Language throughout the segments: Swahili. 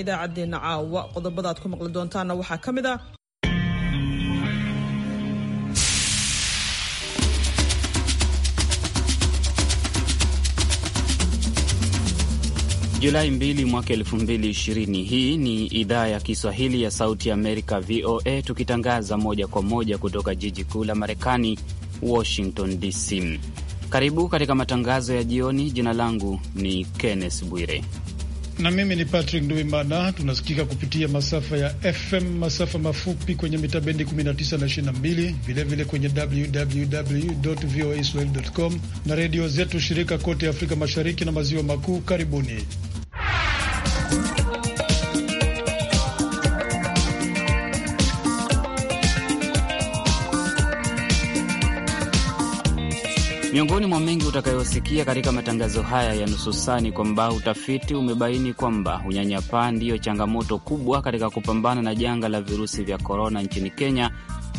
idaacaddeenna caawa qodobada aad ku maqli doontaanna waxaa ka mid a Julai 2 mwaka 2020. Hii ni idhaa ya Kiswahili ya Sauti Amerika, VOA, tukitangaza moja kwa moja kutoka jiji kuu la Marekani, Washington DC. Karibu katika matangazo ya jioni. Jina langu ni Kenneth Bwire na mimi ni Patrick Nduimana. Tunasikika kupitia masafa ya FM, masafa mafupi kwenye mitabendi 19 na 22, vilevile kwenye www voa swahili com na redio zetu shirika kote Afrika Mashariki na Maziwa Makuu. Karibuni. Miongoni mwa mengi utakayosikia katika matangazo haya ya nusu sani kwamba utafiti umebaini kwamba unyanyapaa ndiyo changamoto kubwa katika kupambana na janga la virusi vya korona nchini Kenya,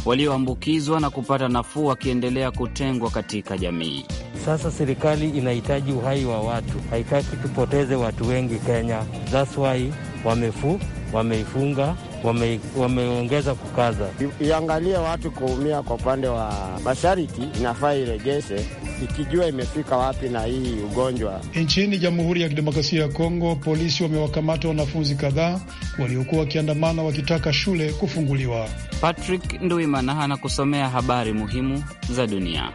walioambukizwa na kupata nafuu wakiendelea kutengwa katika jamii. Sasa serikali inahitaji uhai wa watu, haitaki tupoteze watu wengi Kenya. That's why wamefu wameifunga wameongeza wame kukaza, iangalie watu kuumia kwa upande wa mashariki, inafaa iregeshe ikijua imefika wapi na hii ugonjwa. Nchini Jamhuri ya Kidemokrasia ya Kongo, polisi wamewakamata wanafunzi kadhaa waliokuwa wakiandamana wakitaka shule kufunguliwa. Patrick Ndwimana anakusomea habari muhimu za dunia.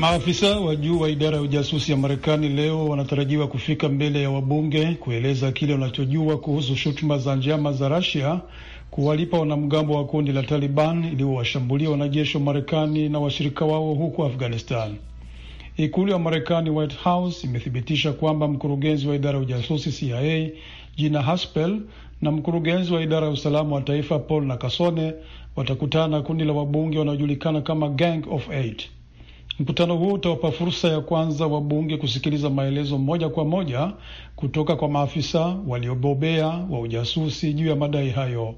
Maafisa wa juu wa idara ya ujasusi ya Marekani leo wanatarajiwa kufika mbele ya wabunge kueleza kile wanachojua kuhusu shutuma za njama za Rasia kuwalipa wanamgambo wa kundi la Taliban iliyowashambulia wanajeshi wa Marekani na washirika wao huko Afghanistan. Ikulu ya Marekani, White House, imethibitisha kwamba mkurugenzi wa idara ya ujasusi CIA Gina Haspel na mkurugenzi wa idara ya usalama wa taifa Paul Nakasone watakutana na kundi la wabunge wanaojulikana kama Gang of Eight. Mkutano huo utawapa fursa ya kwanza wabunge kusikiliza maelezo moja kwa moja kutoka kwa maafisa waliobobea wa ujasusi juu ya madai hayo.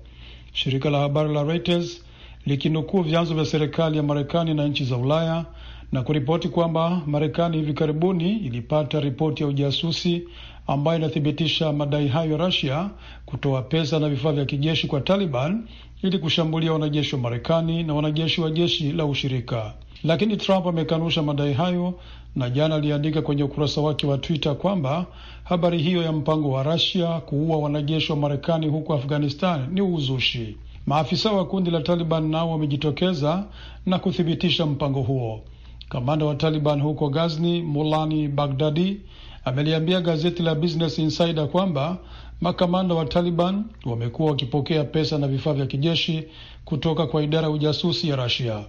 Shirika la habari la Reuters likinukuu vyanzo vya serikali ya Marekani na nchi za Ulaya na kuripoti kwamba Marekani hivi karibuni ilipata ripoti ya ujasusi ambayo inathibitisha madai hayo ya Russia kutoa pesa na vifaa vya kijeshi kwa Taliban ili kushambulia wanajeshi wa Marekani na wanajeshi wa jeshi la ushirika lakini Trump amekanusha madai hayo na jana aliandika kwenye ukurasa wake wa Twitter kwamba habari hiyo ya mpango wa Rasia kuua wanajeshi wa Marekani huko Afghanistan ni uzushi. Maafisa wa kundi la Taliban nao wamejitokeza na kuthibitisha mpango huo. Kamanda wa Taliban huko Ghazni, Mulani Bagdadi, ameliambia gazeti la Business Insider kwamba makamanda wa Taliban wamekuwa wakipokea pesa na vifaa vya kijeshi kutoka kwa idara ya ujasusi ya Rasia.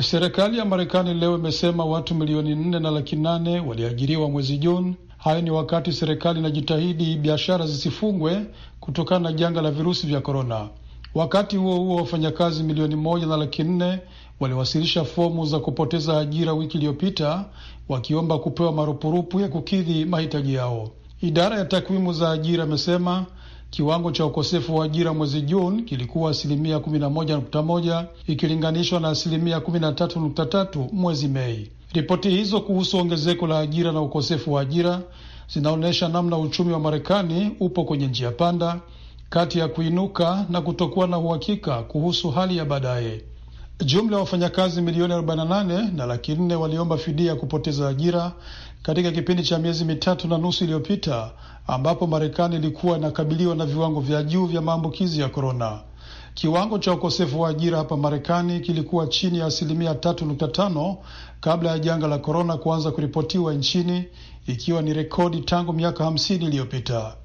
Serikali ya Marekani leo imesema watu milioni nne na laki nane waliajiriwa mwezi Juni. Hayo ni wakati serikali inajitahidi biashara zisifungwe kutokana na janga la virusi vya korona. Wakati huo huo, wafanyakazi milioni moja na laki nne waliwasilisha fomu za kupoteza ajira wiki iliyopita wakiomba kupewa marupurupu ya kukidhi mahitaji yao. Idara ya takwimu za ajira imesema Kiwango cha ukosefu wa ajira mwezi Juni kilikuwa asilimia 11.1 ikilinganishwa na asilimia 13.3 mwezi Mei. Ripoti hizo kuhusu ongezeko la ajira na ukosefu wa ajira zinaonyesha namna uchumi wa Marekani upo kwenye njia panda kati ya kuinuka na kutokuwa na uhakika kuhusu hali ya baadaye. Jumla ya wafanyakazi milioni 48 na laki nne waliomba fidia ya kupoteza ajira katika kipindi cha miezi mitatu na nusu iliyopita ambapo Marekani ilikuwa inakabiliwa na viwango vya juu vya maambukizi ya korona. Kiwango cha ukosefu wa ajira hapa Marekani kilikuwa chini ya asilimia tatu nukta tano kabla ya janga la korona kuanza kuripotiwa nchini, ikiwa ni rekodi tangu miaka hamsini iliyopita.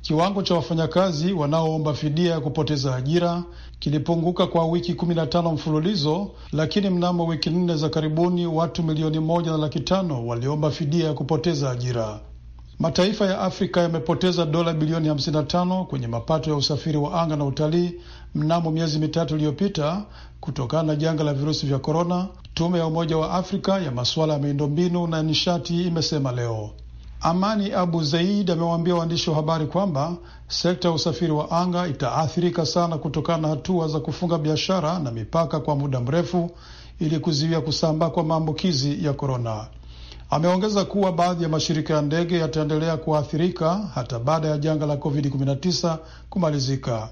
Kiwango cha wafanyakazi wanaoomba fidia ya kupoteza ajira kilipunguka kwa wiki 15 mfululizo, lakini mnamo wiki nne za karibuni watu milioni moja na laki tano waliomba fidia ya kupoteza ajira. Mataifa ya Afrika yamepoteza dola bilioni 55 kwenye mapato ya usafiri wa anga na utalii mnamo miezi mitatu iliyopita kutokana na janga la virusi vya korona, tume ya Umoja wa Afrika ya masuala ya miundombinu na nishati imesema leo. Amani Abu Zaid amewaambia waandishi wa habari kwamba sekta ya usafiri wa anga itaathirika sana kutokana na hatua za kufunga biashara na mipaka kwa muda mrefu ili kuzuia kusambaa kwa maambukizi ya korona. Ameongeza kuwa baadhi ya mashirika ya ndege yataendelea kuathirika hata baada ya janga la COVID-19 kumalizika.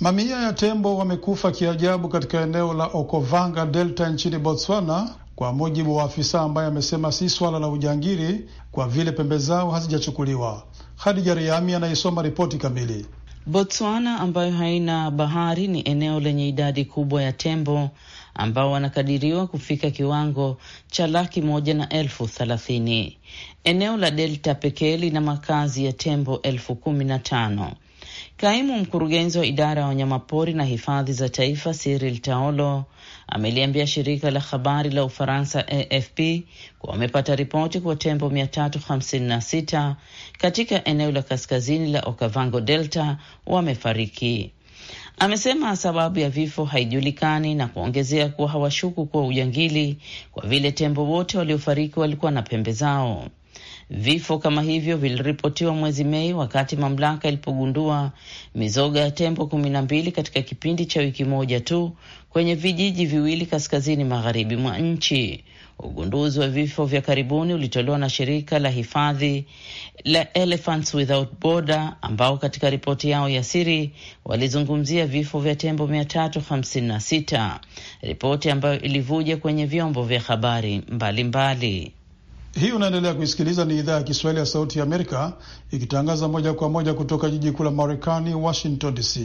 Mamia ya tembo wamekufa kiajabu katika eneo la Okovanga Delta nchini Botswana kwa mujibu wa afisa ambaye amesema si swala la ujangiri kwa vile pembe zao hazijachukuliwa. Hadija Riami anaisoma ripoti kamili. Botswana ambayo haina bahari ni eneo lenye idadi kubwa ya tembo ambao wanakadiriwa kufika kiwango cha laki moja na elfu thelathini. Eneo la delta pekee lina makazi ya tembo elfu kumi na tano Kaimu mkurugenzi wa idara ya wanyamapori na hifadhi za taifa Cyril Taolo ameliambia shirika la habari la Ufaransa AFP kuwa wamepata ripoti kuwa tembo 356 katika eneo la kaskazini la Okavango Delta wamefariki. Amesema sababu ya vifo haijulikani na kuongezea kuwa hawashuku kuwa ujangili kwa vile tembo wote waliofariki walikuwa na pembe zao. Vifo kama hivyo viliripotiwa mwezi Mei wakati mamlaka ilipogundua mizoga ya tembo kumi na mbili katika kipindi cha wiki moja tu kwenye vijiji viwili kaskazini magharibi mwa nchi. Ugunduzi wa vifo vya karibuni ulitolewa na shirika la hifadhi la Elephants Without Border ambao katika ripoti yao ya siri walizungumzia vifo vya tembo 356, ripoti ambayo ilivuja kwenye vyombo vya habari mbalimbali mbali. Hii unaendelea kuisikiliza, ni idhaa ya Kiswahili ya Sauti ya Amerika ikitangaza moja kwa moja kutoka jiji kuu la Marekani, Washington DC.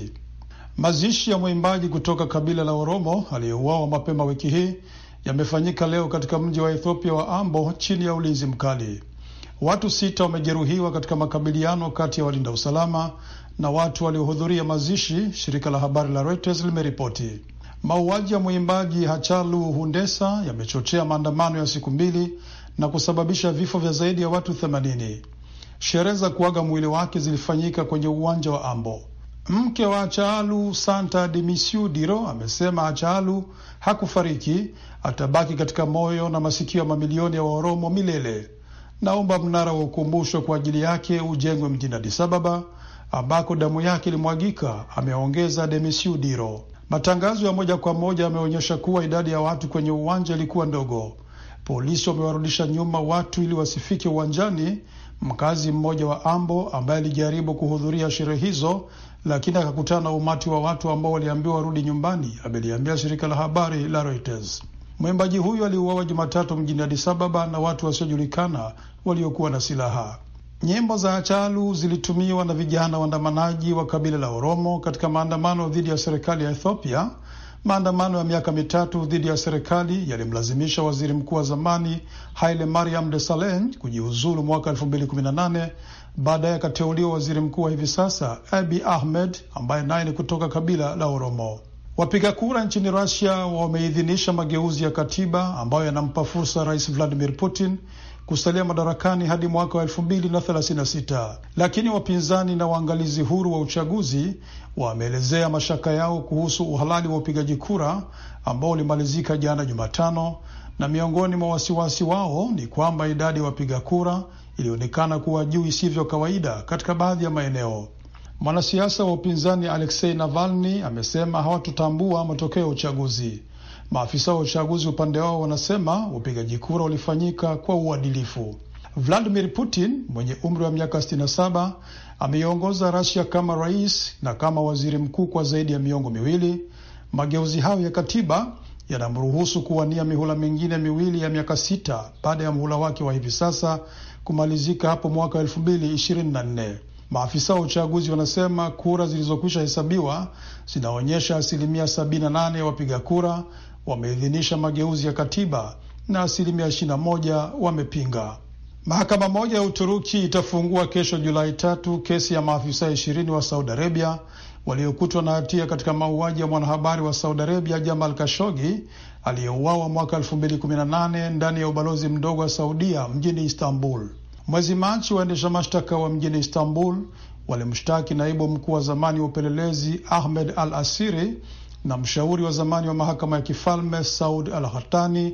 Mazishi ya mwimbaji kutoka kabila la Oromo aliyeuawa mapema wiki hii yamefanyika leo katika mji wa Ethiopia wa Ambo chini ya ulinzi mkali. Watu sita wamejeruhiwa katika makabiliano kati ya walinda usalama na watu waliohudhuria mazishi, shirika la habari la Reuters limeripoti. Mauaji ya mwimbaji Hachalu Hundesa yamechochea maandamano ya siku mbili na kusababisha vifo vya zaidi ya watu 80. Sherehe za kuaga mwili wake zilifanyika kwenye uwanja wa Ambo. Mke wa achalu Santa Demisiu Diro, amesema achalu hakufariki, atabaki katika moyo na masikio ya mamilioni ya Waoromo milele. Naomba mnara wa ukumbusho kwa ajili yake ujengwe mjini Addis Ababa ambako damu yake ilimwagika, ameongeza Demisiu Diro. Matangazo ya moja kwa moja yameonyesha kuwa idadi ya watu kwenye uwanja ilikuwa ndogo. Polisi wamewarudisha nyuma watu ili wasifike uwanjani. Mkazi mmoja wa Ambo ambaye alijaribu kuhudhuria sherehe hizo lakini akakutana na umati wa watu ambao waliambiwa warudi nyumbani, ameliambia shirika la habari la Reuters. Mwimbaji huyo aliuawa Jumatatu mjini Addis Ababa na watu wasiojulikana waliokuwa na silaha. Nyimbo za achalu zilitumiwa na vijana waandamanaji wa kabila la Oromo katika maandamano dhidi ya serikali ya Ethiopia Maandamano ya miaka mitatu dhidi ya serikali yalimlazimisha waziri mkuu wa zamani Haile Mariam de salen kujiuzulu mwaka 2018. Baadaye akateuliwa waziri mkuu wa hivi sasa Abi Ahmed ambaye naye ni kutoka kabila la Oromo. Wapiga kura nchini rasia wameidhinisha mageuzi ya katiba ambayo yanampa fursa Rais Vladimir Putin kusalia madarakani hadi mwaka wa sita, lakini wapinzani na waangalizi huru wa uchaguzi wameelezea mashaka yao kuhusu uhalali wa upigaji kura ambao ulimalizika jana Jumatano, na miongoni mwa wasiwasi wao ni kwamba idadi ya wapiga kura ilionekana kuwa juu isivyo kawaida katika baadhi ya maeneo. Mwanasiasa wa upinzani Aleksei Navalni amesema hawatotambua matokeo ya uchaguzi. Maafisa wa uchaguzi upande wao wanasema upigaji kura ulifanyika kwa uadilifu. Vladimir Putin mwenye umri wa miaka 67 ameiongoza Rasia kama rais na kama waziri mkuu kwa zaidi ya miongo miwili. Mageuzi hayo ya katiba yanamruhusu kuwania mihula mingine miwili ya miaka sita baada ya mhula wake wa hivi sasa kumalizika hapo mwaka 2024. Maafisa wa uchaguzi wanasema kura zilizokwisha hesabiwa zinaonyesha asilimia 78 ya wapiga kura wameidhinisha mageuzi ya katiba na asilimia 21 wamepinga. Mahakama moja ya Uturuki itafungua kesho Julai tatu kesi ya maafisa ishirini wa Saudi Arabia waliokutwa na hatia katika mauaji ya mwanahabari wa Saudi Arabia Jamal Kashogi aliyeuawa mwaka 2018 ndani ya ubalozi mdogo wa Saudia mjini Istanbul. Mwezi Machi, waendesha mashtaka wa mjini Istanbul walimshtaki naibu mkuu wa zamani wa upelelezi Ahmed Al Asiri na mshauri wa zamani wa mahakama ya kifalme Saud Al Hatani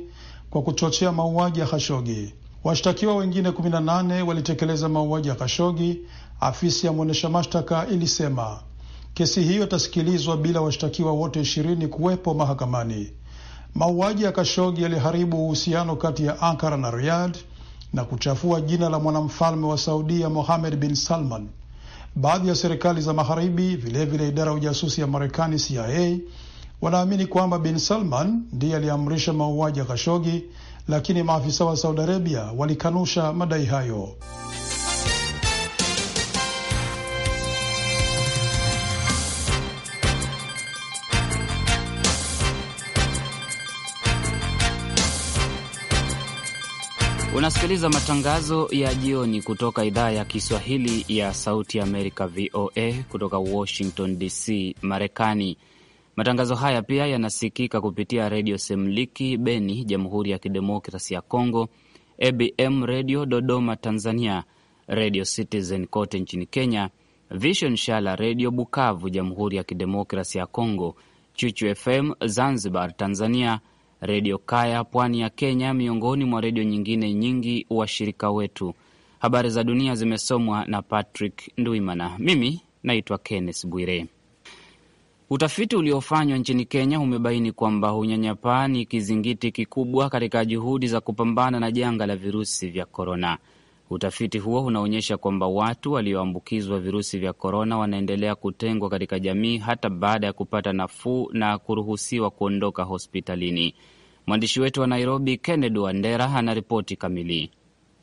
kwa kuchochea mauaji ya Khashogi. Washtakiwa wengine 18 walitekeleza mauaji ya Khashogi, afisi ya mwendesha mashtaka ilisema. Kesi hiyo itasikilizwa bila washtakiwa wote ishirini kuwepo mahakamani. Mauaji ya Kashogi yaliharibu uhusiano kati ya Ankara na Riyadh na kuchafua jina la mwanamfalme wa Saudia Mohamed bin Salman. Baadhi ya serikali za magharibi, vilevile idara ya ujasusi ya Marekani CIA wanaamini kwamba Bin Salman ndiye aliamrisha mauaji ya Khashoggi, lakini maafisa wa Saudi Arabia walikanusha madai hayo. Unasikiliza matangazo ya jioni kutoka idhaa ya Kiswahili ya Sauti Amerika, VOA, kutoka Washington DC, Marekani. Matangazo haya pia yanasikika kupitia Redio Semliki Beni, Jamhuri ya Kidemokrasi ya congo ABM Redio Dodoma, Tanzania, Redio Citizen kote nchini Kenya, Vision Shala Redio Bukavu, Jamhuri ya Kidemokrasi ya congo Chuchu FM Zanzibar, Tanzania, Redio Kaya pwani ya Kenya, miongoni mwa redio nyingine nyingi washirika wetu. Habari za dunia zimesomwa na Patrick Ndwimana. Mimi naitwa Kenneth Bwire. Utafiti uliofanywa nchini Kenya umebaini kwamba unyanyapaa ni kizingiti kikubwa katika juhudi za kupambana na janga la virusi vya korona. Utafiti huo unaonyesha kwamba watu walioambukizwa virusi vya korona wanaendelea kutengwa katika jamii hata baada ya kupata nafuu na kuruhusiwa kuondoka hospitalini. Mwandishi wetu wa Nairobi, Kennedy Wandera, anaripoti kamili.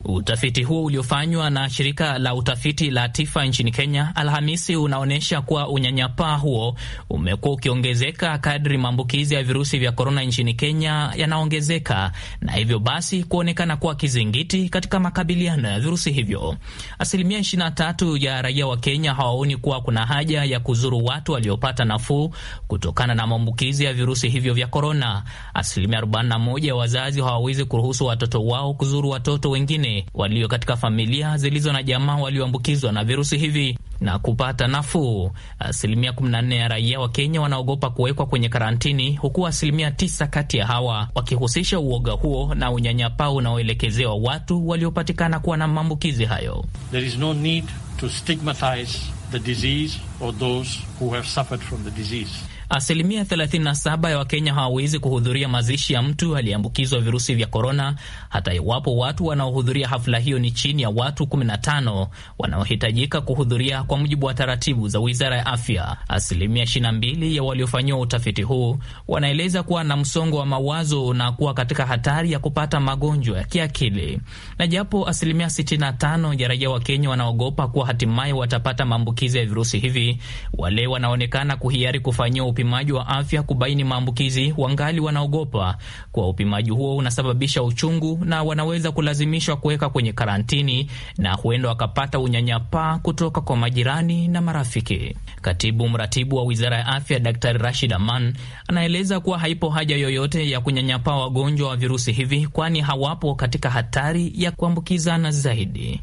Utafiti huo uliofanywa na shirika la utafiti la TIFA nchini Kenya Alhamisi unaonyesha kuwa unyanyapaa huo umekuwa ukiongezeka kadri maambukizi ya virusi vya korona nchini Kenya yanaongezeka na hivyo basi kuonekana kuwa kizingiti katika makabiliano ya virusi hivyo. Asilimia 23 ya raia wa Kenya hawaoni kuwa kuna haja ya kuzuru watu waliopata nafuu kutokana na maambukizi ya virusi hivyo vya korona. Asilimia 41 ya wazazi hawawezi kuruhusu watoto wao kuzuru watoto wengine walio katika familia zilizo na jamaa walioambukizwa na virusi hivi na kupata nafuu. Asilimia 14 ya raia wa Kenya wanaogopa kuwekwa kwenye karantini, huku asilimia 9 kati ya hawa wakihusisha uoga huo na unyanyapaa unaoelekezewa watu waliopatikana kuwa na maambukizi hayo. There is no need to stigmatize the disease or those who have suffered from the disease. Asilimia 37 ya Wakenya hawawezi kuhudhuria mazishi ya mtu aliyeambukizwa virusi vya korona, hata iwapo watu wanaohudhuria hafla hiyo ni chini ya watu 15 wanaohitajika kuhudhuria kwa mujibu wa taratibu za wizara ya afya. Asilimia 22 ya waliofanyiwa utafiti huu wanaeleza kuwa na msongo wa mawazo na kuwa katika hatari ya kupata magonjwa ya kiakili, na japo asilimia 65 ya raia wa Kenya wanaogopa kuwa hatimaye watapata maambukizi ya virusi hivi, wale wanaonekana kuhiari kufanyiwa upimaji wa afya kubaini maambukizi wangali wanaogopa kuwa upimaji huo unasababisha uchungu na wanaweza kulazimishwa kuweka kwenye karantini na huenda wakapata unyanyapaa kutoka kwa majirani na marafiki. Katibu mratibu wa wizara ya afya Daktari Rashid Aman anaeleza kuwa haipo haja yoyote ya kunyanyapaa wagonjwa wa virusi hivi, kwani hawapo katika hatari ya kuambukizana zaidi.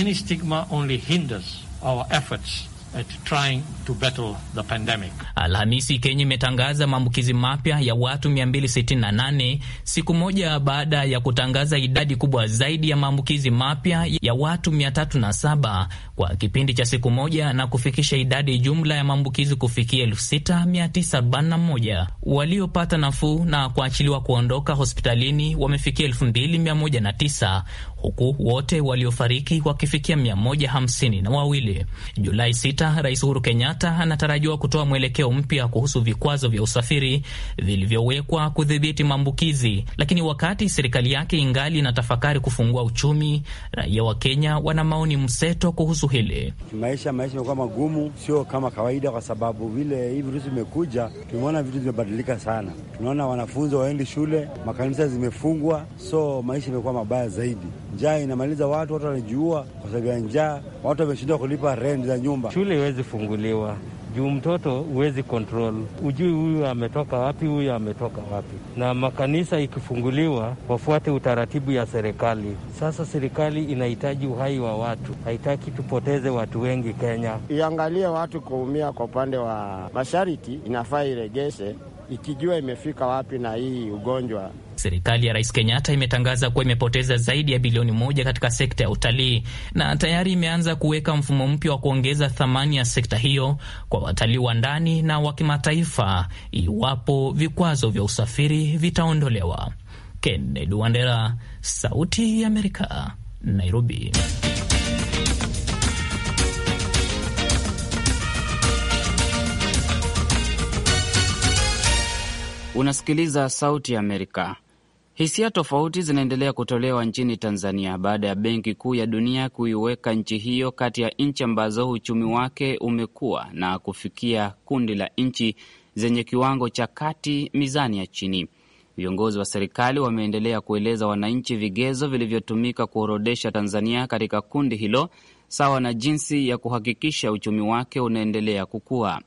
Any stigma only hinders our efforts. Alhamisi, Kenya imetangaza maambukizi mapya ya watu 268 siku moja baada ya kutangaza idadi kubwa zaidi ya maambukizi mapya ya watu 307 kwa kipindi cha siku moja na kufikisha idadi jumla ya maambukizi kufikia 6941. Waliopata nafuu na kuachiliwa kuondoka hospitalini wamefikia 2109 huku wote waliofariki wakifikia mia moja hamsini na wawili. Julai 6 Rais Uhuru Kenyatta anatarajiwa kutoa mwelekeo mpya kuhusu vikwazo vya usafiri vilivyowekwa kudhibiti maambukizi, lakini wakati serikali yake ingali inatafakari kufungua uchumi, raia wa Kenya wana maoni mseto kuhusu hili. Maisha maisha imekuwa magumu, sio kama kawaida, kwa sababu vile hii virusi vimekuja, tumeona vitu vimebadilika sana. Tunaona wanafunzi waendi shule, makanisa zimefungwa, so maisha imekuwa mabaya zaidi njaa inamaliza watu, watu wanajiua kwa sababu ya njaa, watu wameshindwa kulipa rent za nyumba, shule iwezi funguliwa juu mtoto huwezi kontrol, ujui huyu ametoka wapi, huyu ametoka wapi. Na makanisa ikifunguliwa, wafuate utaratibu ya serikali. Sasa serikali inahitaji uhai wa watu, haitaki tupoteze watu wengi Kenya. Iangalie watu kuumia kwa upande wa mashariti inafaa iregeshe ikijua imefika wapi na hii ugonjwa. Serikali ya Rais Kenyatta imetangaza kuwa imepoteza zaidi ya bilioni moja katika sekta ya utalii na tayari imeanza kuweka mfumo mpya wa kuongeza thamani ya sekta hiyo kwa watalii wa ndani na wa kimataifa iwapo vikwazo vya usafiri vitaondolewa. Kennedy Wandera, Sauti ya Amerika, Nairobi. Unasikiliza Sauti ya Amerika. Hisia tofauti zinaendelea kutolewa nchini Tanzania baada ya Benki Kuu ya Dunia kuiweka nchi hiyo kati ya nchi ambazo uchumi wake umekuwa na kufikia kundi la nchi zenye kiwango cha kati, mizani ya chini. Viongozi wa serikali wameendelea kueleza wananchi vigezo vilivyotumika kuorodesha Tanzania katika kundi hilo, sawa na jinsi ya kuhakikisha uchumi wake unaendelea kukua.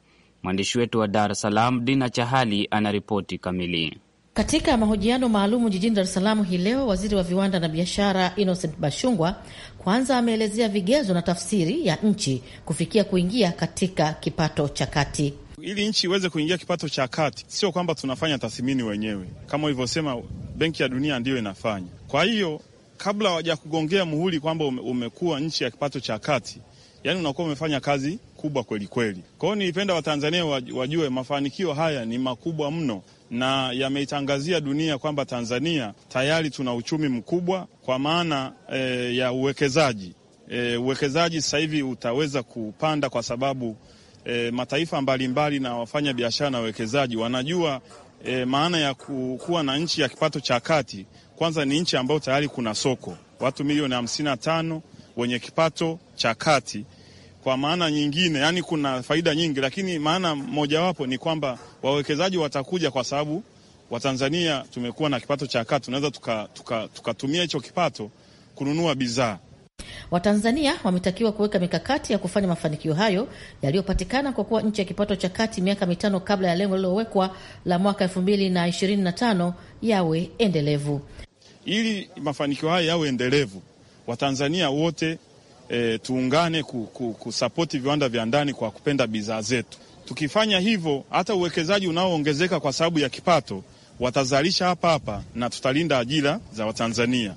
Mwandishi wetu wa Dar es Salaam, Dina Chahali, anaripoti kamili. Katika mahojiano maalumu jijini Dar es Salaam hii leo, waziri wa viwanda na biashara Innocent Bashungwa kwanza ameelezea vigezo na tafsiri ya nchi kufikia kuingia katika kipato cha kati. Ili nchi iweze kuingia kipato cha kati, sio kwamba tunafanya tathmini wenyewe, kama ulivyosema, Benki ya Dunia ndiyo inafanya. Kwa hiyo kabla hawajakugongea muhuri kwamba umekuwa nchi ya kipato cha kati, yani unakuwa umefanya kazi kubwa kweli kweli. Kwa hiyo nilipenda Watanzania wajue mafanikio haya ni makubwa mno na yameitangazia dunia kwamba Tanzania tayari tuna uchumi mkubwa kwa maana e, ya uwekezaji e, uwekezaji sasa hivi utaweza kupanda kwa sababu e, mataifa mbalimbali mbali na wafanya biashara na wawekezaji wanajua e, maana ya kuwa na nchi ya kipato cha kati. Kwanza ni nchi ambayo tayari kuna soko, watu milioni hamsini na tano wenye kipato cha kati kwa maana nyingine, yani kuna faida nyingi, lakini maana mojawapo ni kwamba wawekezaji watakuja kwa sababu Watanzania tumekuwa na kipato cha kati, tunaweza tukatumia tuka, tuka hicho kipato kununua bidhaa. Watanzania wametakiwa kuweka mikakati ya kufanya mafanikio hayo yaliyopatikana kwa kuwa nchi ya kipato cha kati miaka mitano kabla ya lengo lililowekwa la mwaka elfu mbili na ishirini na tano yawe endelevu. Ili mafanikio hayo yawe endelevu, Watanzania wote e, tuungane kusapoti viwanda vya ndani kwa kupenda bidhaa zetu. Tukifanya hivyo, hata uwekezaji unaoongezeka kwa sababu ya kipato watazalisha hapa hapa na tutalinda ajira za Watanzania.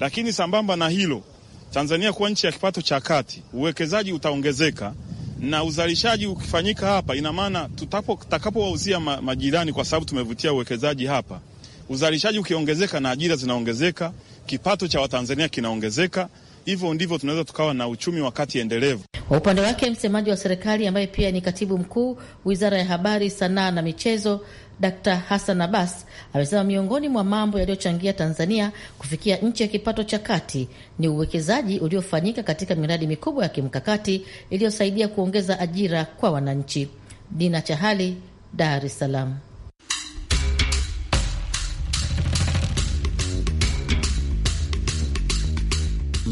Lakini sambamba na hilo, Tanzania kuwa nchi ya kipato cha kati, uwekezaji utaongezeka na uzalishaji ukifanyika hapa, ina maana tutakapowauzia ma, majirani, kwa sababu tumevutia uwekezaji hapa, uzalishaji ukiongezeka na ajira zinaongezeka, kipato cha Watanzania kinaongezeka Hivyo ndivyo tunaweza tukawa na uchumi wa kati endelevu. Kwa upande wake, msemaji wa serikali ambaye pia ni katibu mkuu wizara ya habari, sanaa na michezo dkt Hassan Abbas amesema miongoni mwa mambo yaliyochangia Tanzania kufikia nchi ya kipato cha kati ni uwekezaji uliofanyika katika miradi mikubwa ya kimkakati iliyosaidia kuongeza ajira kwa wananchi. Dina Chahali, Dar es Salaam.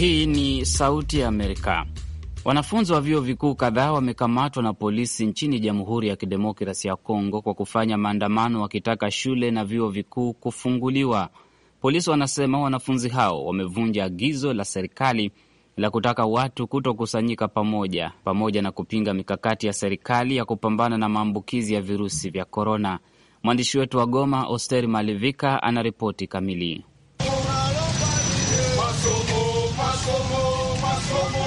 Hii ni Sauti ya Amerika. Wanafunzi wa vyuo vikuu kadhaa wamekamatwa na polisi nchini Jamhuri ya Kidemokrasi ya Kongo kwa kufanya maandamano wakitaka shule na vyuo vikuu kufunguliwa. Polisi wanasema wanafunzi hao wamevunja agizo la serikali la kutaka watu kutokusanyika pamoja, pamoja na kupinga mikakati ya serikali ya kupambana na maambukizi ya virusi vya korona. Mwandishi wetu wa Goma, Osteri Malivika, anaripoti kamili.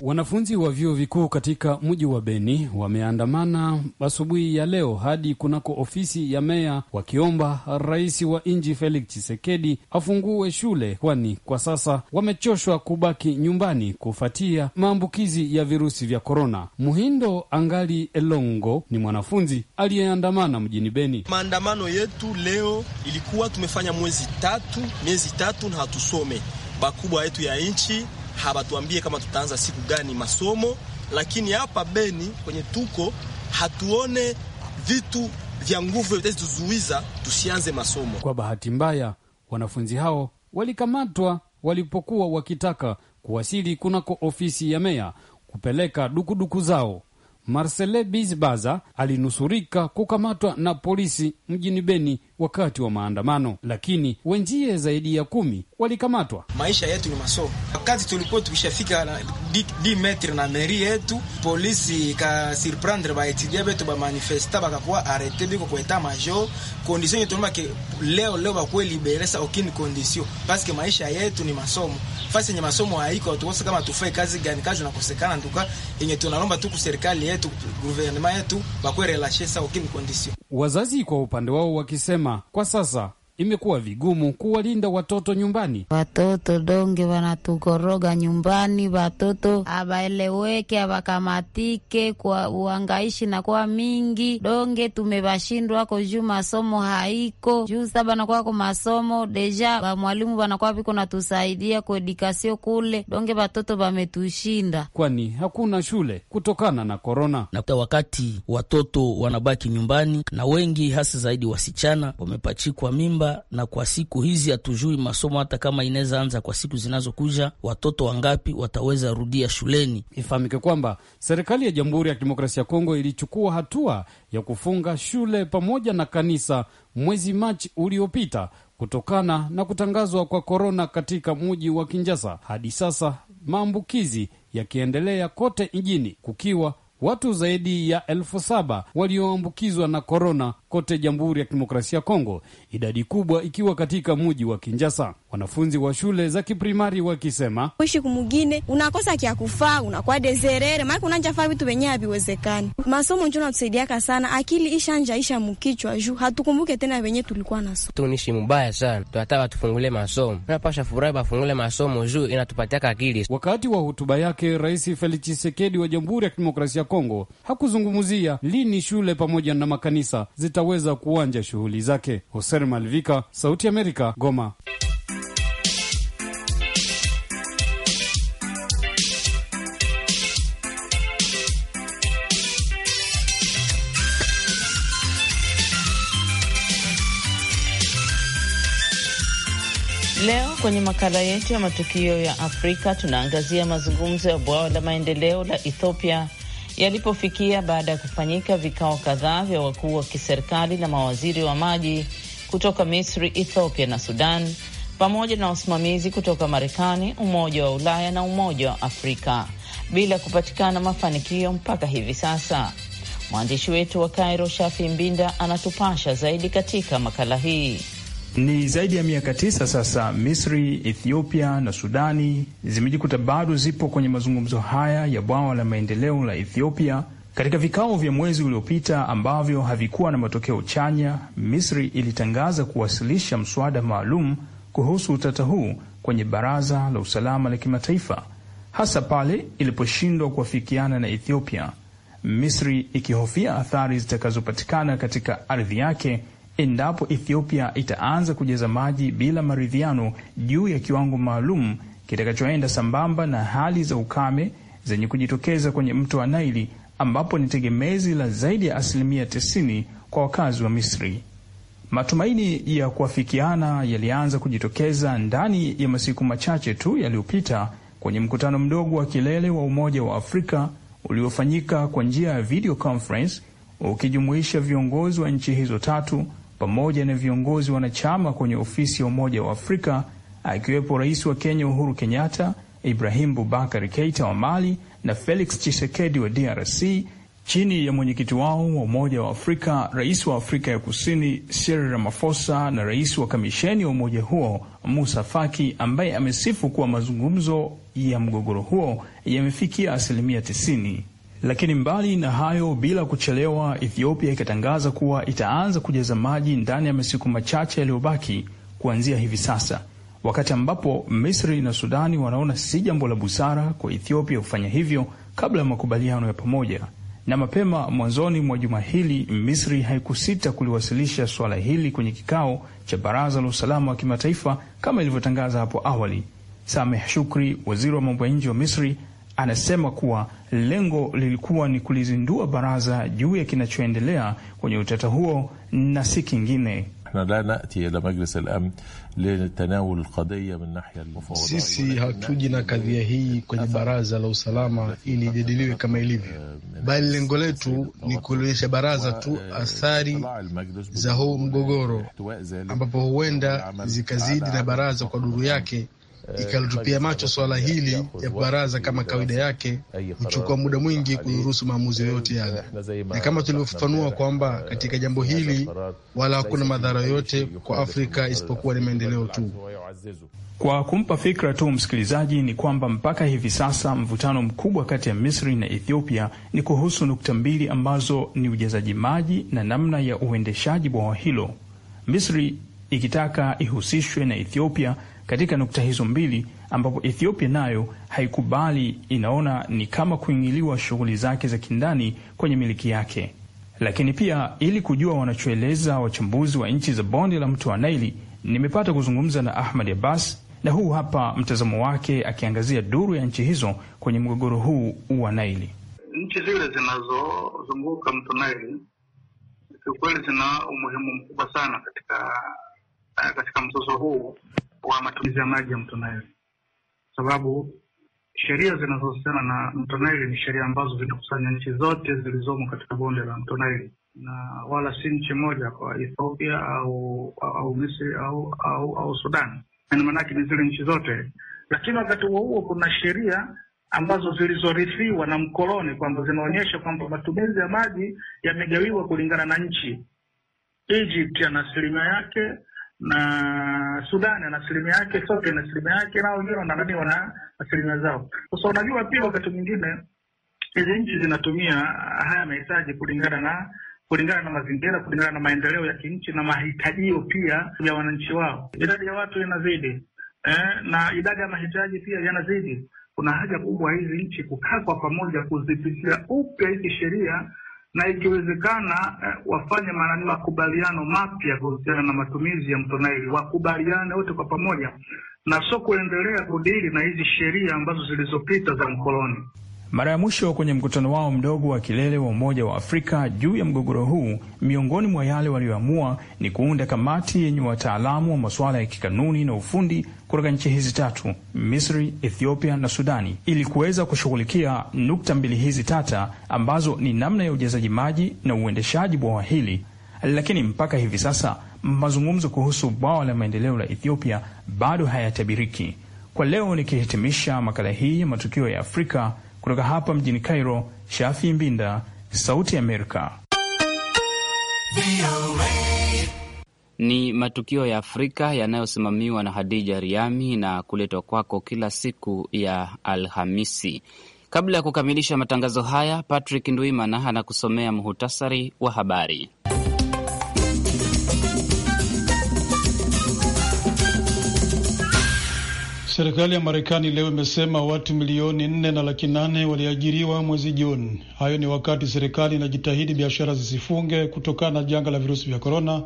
Wanafunzi wa vyuo vikuu katika mji wa Beni wameandamana asubuhi ya leo hadi kunako ofisi ya meya wakiomba rais wa nchi Felix Tshisekedi afungue shule, kwani kwa sasa wamechoshwa kubaki nyumbani kufuatia maambukizi ya virusi vya korona. Muhindo Angali Elongo ni mwanafunzi aliyeandamana mjini Beni. Maandamano yetu leo ilikuwa tumefanya mwezi tatu, miezi tatu na hatusome bakubwa yetu ya nchi hawatuambie kama tutaanza siku gani masomo, lakini hapa Beni kwenye tuko hatuone vitu vya nguvu vitatuzuiza tusianze masomo. Kwa bahati mbaya, wanafunzi hao walikamatwa walipokuwa wakitaka kuwasili kunako ofisi ya meya kupeleka dukuduku zao. Marcele Bizbaza alinusurika kukamatwa na polisi mjini Beni wakati wa maandamano, lakini wenjie zaidi ya kumi walikamatwa. Maisha yetu ni masomo. Wakati tulikuwa tukishafika di metre na meri yetu, polisi ikasurprendre baetudia betu bamanifesta bakakuwa arete biko kueta majo kondisio yetu ke leo leo bakuwe liberesa okini kondisio paske maisha yetu ni masomo. Fasi yenye masomo haiko watukosa kama tufai kazi gani, kazi nakosekana nduka yenye tunalomba tuku serikali yetu guvernema yetu bakuwe relashesa okini kondisio. Wazazi kwa upande wao wakisema na kwa sasa imekuwa vigumu kuwalinda watoto nyumbani. Watoto donge wanatukoroga nyumbani, watoto abaeleweke, abakamatike kwa uangaishi na kwa mingi donge tumevashindwako juu masomo haiko juu sa ko masomo deja bamwalimu banakuwa viko natusaidia kuedikasio kule donge watoto bametushinda, kwani hakuna shule kutokana na korona, Nakuta wakati watoto wanabaki nyumbani na wengi hasa zaidi wasichana wamepachikwa mimba kwamba na kwa siku hizi hatujui masomo hata kama inaweza anza kwa siku zinazokuja, watoto wangapi wataweza rudia shuleni. Ifahamike kwamba serikali ya Jamhuri ya Kidemokrasia ya Kongo ilichukua hatua ya kufunga shule pamoja na kanisa mwezi Machi uliopita kutokana na kutangazwa kwa korona katika mji wa Kinjasa. Hadi sasa maambukizi yakiendelea kote nchini kukiwa watu zaidi ya elfu saba walioambukizwa na korona kote Jamhuri ya Kidemokrasia ya Kongo, idadi kubwa ikiwa katika muji wa Kinjasa. Wanafunzi wa shule za kiprimari wakisema kuishi kumugine unakosa kya kufaa, unakuwa dezerere, maake unanjafaa vitu venyewe haviwezekani. Masomo njo natusaidiaka sana, akili ishanja isha juu hatukumbuke tena venye tulikuwa naso tunishi mubaya sana, hata watufungule masomo napasha furahi, bafungule masomo juu inatupatiaka akili. Wakati wa hutuba yake Rais Felix Chisekedi wa Jamhuri ya Kidemokrasia Kongo hakuzungumzia lini shule pamoja na makanisa zitaweza kuanja shughuli zake. Hoser Malvika, Sauti Amerika, Goma. Leo kwenye makala yetu ya matukio ya Afrika tunaangazia mazungumzo ya bwawa la maendeleo la Ethiopia yalipofikia baada ya kufanyika vikao kadhaa vya wakuu wa kiserikali na mawaziri wa maji kutoka Misri, Ethiopia na Sudan, pamoja na wasimamizi kutoka Marekani, Umoja wa Ulaya na Umoja wa Afrika bila kupatikana mafanikio mpaka hivi sasa. Mwandishi wetu wa Kairo, Shafi Mbinda, anatupasha zaidi katika makala hii. Ni zaidi ya miaka tisa sasa Misri, Ethiopia na Sudani zimejikuta bado zipo kwenye mazungumzo haya ya bwawa la maendeleo la Ethiopia. Katika vikao vya mwezi uliopita ambavyo havikuwa na matokeo chanya, Misri ilitangaza kuwasilisha mswada maalum kuhusu utata huu kwenye Baraza la Usalama la Kimataifa, hasa pale iliposhindwa kuafikiana na Ethiopia, Misri ikihofia athari zitakazopatikana katika ardhi yake endapo Ethiopia itaanza kujaza maji bila maridhiano juu ya kiwango maalum kitakachoenda sambamba na hali za ukame zenye kujitokeza kwenye mto wa Naili ambapo ni tegemezi la zaidi ya asilimia 90 kwa wakazi wa Misri. Matumaini ya kuafikiana yalianza kujitokeza ndani ya masiku machache tu yaliyopita kwenye mkutano mdogo wa kilele wa Umoja wa Afrika uliofanyika kwa njia ya video conference ukijumuisha viongozi wa nchi hizo tatu pamoja na viongozi wanachama kwenye ofisi ya Umoja wa Afrika akiwepo rais wa Kenya Uhuru Kenyatta, Ibrahim Bubakar Keita wa Mali na Felix chisekedi wa DRC chini ya mwenyekiti wao wa Umoja wa Afrika, rais wa Afrika ya Kusini Cyril Ramaphosa na rais wa kamisheni wa umoja huo Musa Faki, ambaye amesifu kuwa mazungumzo ya mgogoro huo yamefikia asilimia 90. Lakini mbali na hayo, bila kuchelewa, Ethiopia ikatangaza kuwa itaanza kujaza maji ndani ya masiku machache yaliyobaki kuanzia hivi sasa, wakati ambapo Misri na Sudani wanaona si jambo la busara kwa Ethiopia kufanya hivyo kabla ya makubaliano ya pamoja. Na mapema mwanzoni mwa juma hili Misri haikusita kuliwasilisha suala hili kwenye kikao cha Baraza la Usalama wa Kimataifa kama ilivyotangaza hapo awali. Sameh Shukri, waziri wa mambo ya nje wa Misri, anasema kuwa lengo lilikuwa ni kulizindua baraza juu ya kinachoendelea kwenye utata huo na si kingine. Sisi hatuji na kadhia hii kwenye baraza la usalama ili ijadiliwe kama ilivyo, bali lengo letu ni kulionyesha baraza tu athari za huu mgogoro, ambapo huenda zikazidi na baraza kwa duru yake Eh, ikalitupia macho swala hili ya baraza kama kawaida yake huchukua muda mwingi kuruhusu maamuzi eh, yoyote yale, na kama tulivyofafanua kwamba eh, katika jambo hili wala hakuna madhara yoyote kwa Afrika isipokuwa ni maendeleo tu. Kwa kumpa fikra tu msikilizaji, ni kwamba mpaka hivi sasa mvutano mkubwa kati ya Misri na Ethiopia ni kuhusu nukta mbili ambazo ni ujazaji maji na namna ya uendeshaji bwawa hilo, Misri ikitaka ihusishwe na Ethiopia katika nukta hizo mbili, ambapo Ethiopia nayo haikubali, inaona ni kama kuingiliwa shughuli zake za kindani kwenye miliki yake. Lakini pia ili kujua wanachoeleza wachambuzi wa nchi za bonde la mto wa Naili, nimepata kuzungumza na Ahmad Abbas na huu hapa mtazamo wake akiangazia duru ya nchi hizo kwenye mgogoro huu wa Naili. Nchi zile zinazozunguka mto Naili kiukweli zina umuhimu mkubwa sana katika katika mzozo huu wa matumizi ya maji ya mto Nile, sababu sheria zinazohusiana na mto Nile ni sheria ambazo zinakusanya nchi zote zilizomo katika bonde la mto Nile na wala si nchi moja kwa Ethiopia au au Misri au au, au Sudan, na maanake ni zile nchi zote. Lakini wakati huo huo kuna sheria ambazo zilizorithiwa na mkoloni kwamba zinaonyesha kwamba matumizi ya maji yamegawiwa kulingana na nchi. Egypt ana asilimia yake, na Sudan ana asilimia yake, Ethiopia na asilimia yake, na wengine wanadai wana asilimia zao. Sasa unajua pia wakati mwingine hizi nchi zinatumia haya mahitaji kulingana na kulingana na mazingira, kulingana na maendeleo ya kinchi na mahitajio pia ya wananchi wao. Idadi ya watu inazidi eh, na idadi ya mahitaji pia yanazidi. Kuna haja kubwa hizi nchi kukaa kwa pamoja, kuzipitia upya hizi sheria na ikiwezekana eh, wafanye maana makubaliano mapya kuhusiana na matumizi ya mto Naili, wakubaliane wote kwa pamoja, na sio kuendelea kudili na hizi sheria ambazo zilizopita za mkoloni. Mara ya mwisho kwenye mkutano wao mdogo wa kilele wa Umoja wa Afrika juu ya mgogoro huu, miongoni mwa yale walioamua ni kuunda kamati yenye wataalamu wa masuala ya kikanuni na ufundi kutoka nchi hizi tatu, Misri, Ethiopia na Sudani, ili kuweza kushughulikia nukta mbili hizi tata ambazo ni namna ya ujazaji maji na uendeshaji bwawa hili. Lakini mpaka hivi sasa mazungumzo kuhusu bwawa la maendeleo la Ethiopia bado hayatabiriki. Kwa leo nikihitimisha makala hii ya matukio ya Afrika, kutoka hapa mjini Cairo, Shafi Mbinda, Sauti Amerika. Ni matukio ya Afrika yanayosimamiwa na Hadija Riami na kuletwa kwako kila siku ya Alhamisi. Kabla ya kukamilisha matangazo haya, Patrick Ndwimana anakusomea muhutasari wa habari. Serikali ya Marekani leo imesema watu milioni nne na laki nane waliajiriwa mwezi Juni. Hayo ni wakati serikali inajitahidi biashara zisifunge kutokana na janga la virusi vya korona.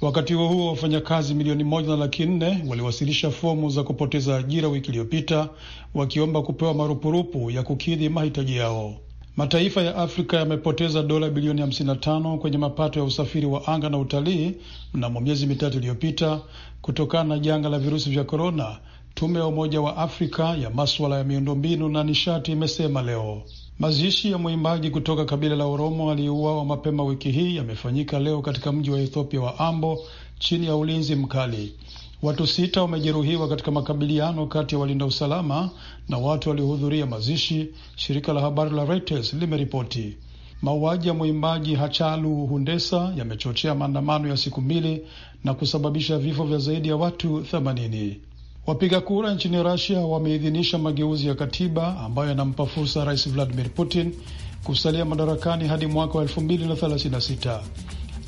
Wakati huo huo, wafanyakazi milioni moja na laki nne waliwasilisha fomu za kupoteza ajira wiki iliyopita wakiomba kupewa marupurupu ya kukidhi mahitaji yao. Mataifa ya Afrika yamepoteza dola bilioni 55 kwenye mapato ya usafiri wa anga na utalii mnamo miezi mitatu iliyopita kutokana na janga la virusi vya korona Tume ya Umoja wa Afrika ya maswala ya miundombinu na nishati imesema leo. Mazishi ya mwimbaji kutoka kabila la Oromo aliyeuawa mapema wiki hii yamefanyika leo katika mji wa Ethiopia wa Ambo chini ya ulinzi mkali. Watu sita wamejeruhiwa katika makabiliano kati ya walinda usalama na watu waliohudhuria mazishi, shirika la habari la Reuters limeripoti. Mauaji ya mwimbaji Hachalu Hundesa yamechochea maandamano ya siku mbili na kusababisha vifo vya zaidi ya watu themanini. Wapiga kura nchini Rasia wameidhinisha mageuzi ya katiba ambayo yanampa fursa Rais Vladimir Putin kusalia madarakani hadi mwaka wa 236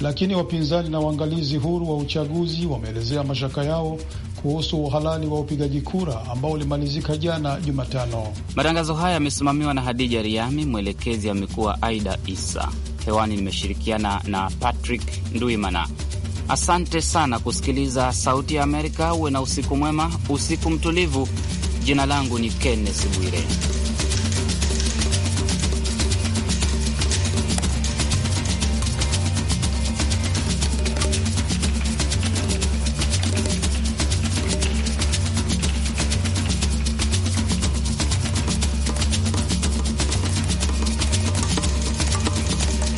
lakini wapinzani na waangalizi huru wa uchaguzi wameelezea mashaka yao kuhusu uhalali wa upigaji kura ambao ulimalizika jana Jumatano. Matangazo haya yamesimamiwa na Hadija Riami, mwelekezi amekuwa Aida Isa. Hewani nimeshirikiana na Patrick Nduimana. Asante sana kusikiliza Sauti ya Amerika. Uwe na usiku mwema, usiku mtulivu. Jina langu ni Kenneth Bwire.